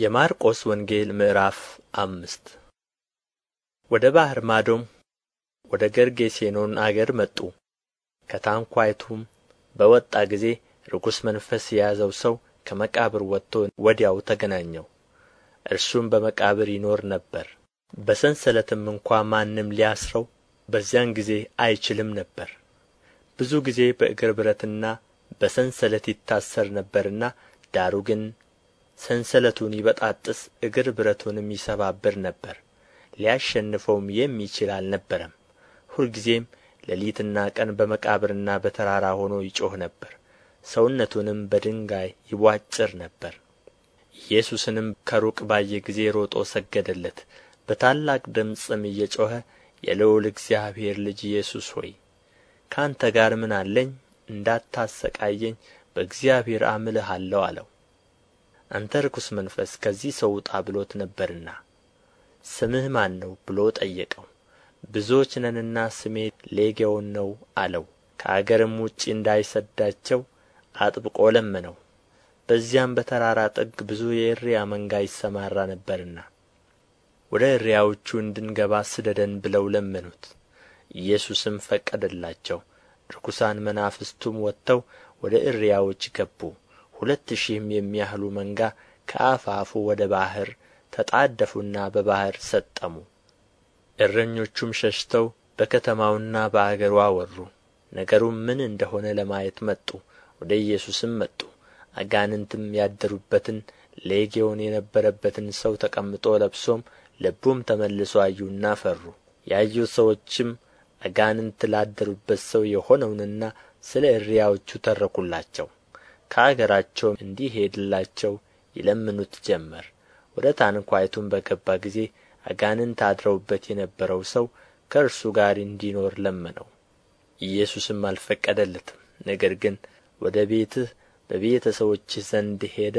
የማርቆስ ወንጌል ምዕራፍ አምስት ወደ ባህር ማዶም ወደ ገርጌሴኖን አገር መጡ ከታንኳይቱም በወጣ ጊዜ ርኩስ መንፈስ የያዘው ሰው ከመቃብር ወጥቶ ወዲያው ተገናኘው እርሱም በመቃብር ይኖር ነበር በሰንሰለትም እንኳ ማንም ሊያስረው በዚያን ጊዜ አይችልም ነበር ብዙ ጊዜ በእግር ብረትና በሰንሰለት ይታሰር ነበርና ዳሩ ግን ሰንሰለቱን ይበጣጥስ እግር ብረቱንም ይሰባብር ነበር ሊያሸንፈውም የሚችል አልነበረም ሁልጊዜም ሌሊትና ቀን በመቃብርና በተራራ ሆኖ ይጮህ ነበር ሰውነቱንም በድንጋይ ይቧጭር ነበር ኢየሱስንም ከሩቅ ባየ ጊዜ ሮጦ ሰገደለት በታላቅ ድምፅም እየጮኸ የልዑል እግዚአብሔር ልጅ ኢየሱስ ሆይ ከአንተ ጋር ምን አለኝ እንዳታሰቃየኝ በእግዚአብሔር አለው አለው አንተ ርኩስ መንፈስ ከዚህ ሰው ውጣ ብሎት ነበርና ስምህ ማን ነው ብሎ ጠየቀው ብዙዎች ነንና ስሜ ሌጌዎን ነው አለው ከአገርም ውጭ እንዳይሰዳቸው አጥብቆ ለመነው በዚያም በተራራ ጥግ ብዙ የእሪያ መንጋ ይሰማራ ነበርና ወደ እሪያዎቹ እንድንገባ ስደደን ብለው ለመኑት ኢየሱስም ፈቀደላቸው ርኩሳን መናፍስቱም ወጥተው ወደ እሪያዎች ገቡ ሁለት ሺህም የሚያህሉ መንጋ ከአፋፉ ወደ ባሕር ተጣደፉና በባሕር ሰጠሙ እረኞቹም ሸሽተው በከተማውና በአገሩ አወሩ ነገሩም ምን እንደሆነ ለማየት መጡ ወደ ኢየሱስም መጡ አጋንንትም ያደሩበትን ሌጌዎን የነበረበትን ሰው ተቀምጦ ለብሶም ልቡም ተመልሶ አዩና ፈሩ ያዩት ሰዎችም አጋንንት ላደሩበት ሰው የሆነውንና ስለ እሪያዎቹ ተረኩላቸው ከአገራቸውም እንዲሄድላቸው ይለምኑት ጀመር ወደ ታንኳይቱም በገባ ጊዜ አጋንንት አድረውበት የነበረው ሰው ከእርሱ ጋር እንዲኖር ለመነው ኢየሱስም አልፈቀደለትም ነገር ግን ወደ ቤትህ በቤተ ሰዎችህ ዘንድ ሄደ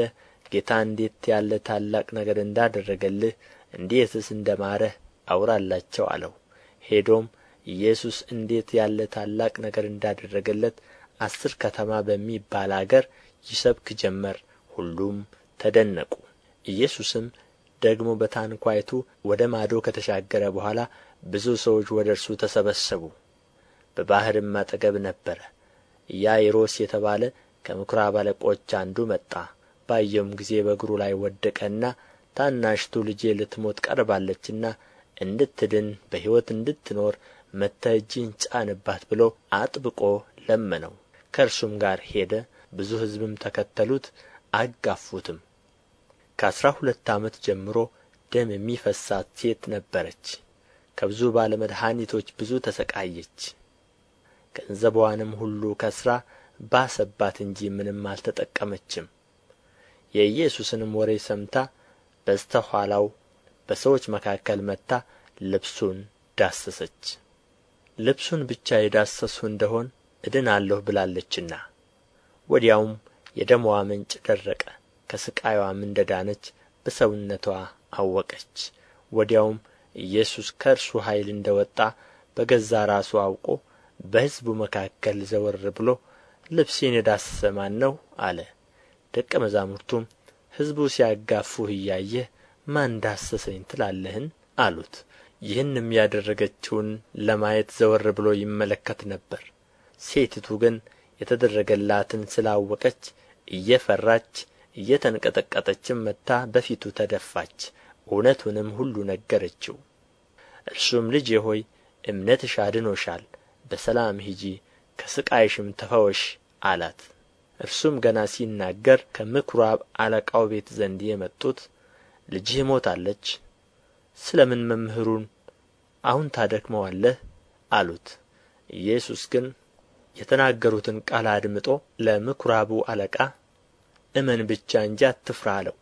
ጌታ እንዴት ያለ ታላቅ ነገር እንዳደረገልህ እንዴትስ እንደ ማረህ አውራላቸው አለው ሄዶም ኢየሱስ እንዴት ያለ ታላቅ ነገር እንዳደረገለት አስር ከተማ በሚባል አገር ይሰብክ ጀመር ሁሉም ተደነቁ ኢየሱስም ደግሞ በታንኳይቱ ወደ ማዶ ከተሻገረ በኋላ ብዙ ሰዎች ወደ እርሱ ተሰበሰቡ በባሕርም አጠገብ ነበረ ኢያኢሮስ የተባለ ከምኵራብ አለቆች አንዱ መጣ ባየውም ጊዜ በእግሩ ላይ ወደቀና ታናሽቱ ልጄ ልትሞት ቀርባለችና እንድትድን በሕይወት እንድትኖር መጥተህ እጅህን ጫንባት ብሎ አጥብቆ ለመነው ከእርሱም ጋር ሄደ ብዙ ሕዝብም ተከተሉት አጋፉትም ከአሥራ ሁለት ዓመት ጀምሮ ደም የሚፈሳት ሴት ነበረች ከብዙ ባለ መድኃኒቶች ብዙ ተሰቃየች ገንዘቧንም ሁሉ ከስራ ባሰባት እንጂ ምንም አልተጠቀመችም የኢየሱስንም ወሬ ሰምታ በስተኋላው በሰዎች መካከል መጥታ ልብሱን ዳሰሰች ልብሱን ብቻ የዳሰስሁ እንደሆን እድናለሁ ብላለችና ወዲያውም የደምዋ ምንጭ ደረቀ ከሥቃይዋም እንደ ዳነች በሰውነቷ አወቀች ወዲያውም ኢየሱስ ከእርሱ ኃይል እንደ ወጣ በገዛ ራሱ አውቆ በሕዝቡ መካከል ዘወር ብሎ ልብሴን የዳሰሰ ማን ነው አለ ደቀ መዛሙርቱም ሕዝቡ ሲያጋፉህ እያየህ ማን ዳሰሰኝ ትላለህን አሉት ይህንም ያደረገችውን ለማየት ዘወር ብሎ ይመለከት ነበር ሴቲቱ ግን የተደረገላትን ስላወቀች እየፈራች እየተንቀጠቀጠችም መጥታ በፊቱ ተደፋች እውነቱንም ሁሉ ነገረችው እርሱም ልጄ ሆይ እምነትሽ አድኖሻል በሰላም ሂጂ ከሥቃይሽም ተፈወሽ አላት እርሱም ገና ሲናገር ከምኵራብ አለቃው ቤት ዘንድ የመጡት ልጅህ ሞታለች ስለ ምን መምህሩን አሁን ታደክመዋለህ አሉት ኢየሱስ ግን የተናገሩትን ቃል አድምጦ ለምኵራቡ አለቃ እመን ብቻ እንጂ አትፍራ አለው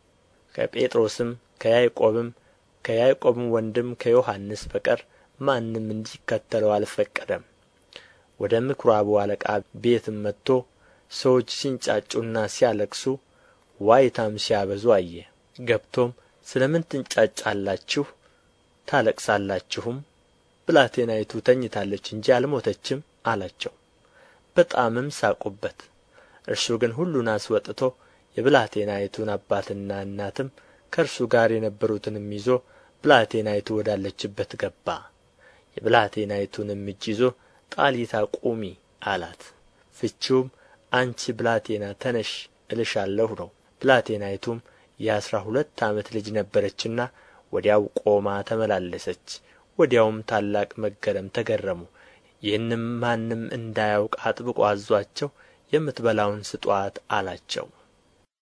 ከጴጥሮስም ከያዕቆብም ከያዕቆብም ወንድም ከዮሐንስ በቀር ማንም እንዲከተለው አልፈቀደም ወደ ምኵራቡ አለቃ ቤትም መጥቶ ሰዎች ሲንጫጩና ሲያለቅሱ ዋይታም ሲያበዙ አየ ገብቶም ስለ ምን ትንጫጫላችሁ ታለቅሳላችሁም ብላቴናይቱ ተኝታለች እንጂ አልሞተችም አላቸው በጣምም ሳቁበት እርሱ ግን ሁሉን አስወጥቶ የብላቴናይቱን አባትና እናትም ከእርሱ ጋር የነበሩትንም ይዞ ብላቴናይቱ ወዳለችበት ገባ የብላቴናይቱንም እጅ ይዞ ጣሊታ ቁሚ አላት ፍቺውም አንቺ ብላቴና ተነሽ እልሻለሁ ነው ብላቴናይቱም የአሥራ ሁለት ዓመት ልጅ ነበረችና ወዲያው ቆማ ተመላለሰች ወዲያውም ታላቅ መገረም ተገረሙ ይህንም ማንም እንዳያውቅ አጥብቆ አዞአቸው የምትበላውን ስጡአት አላቸው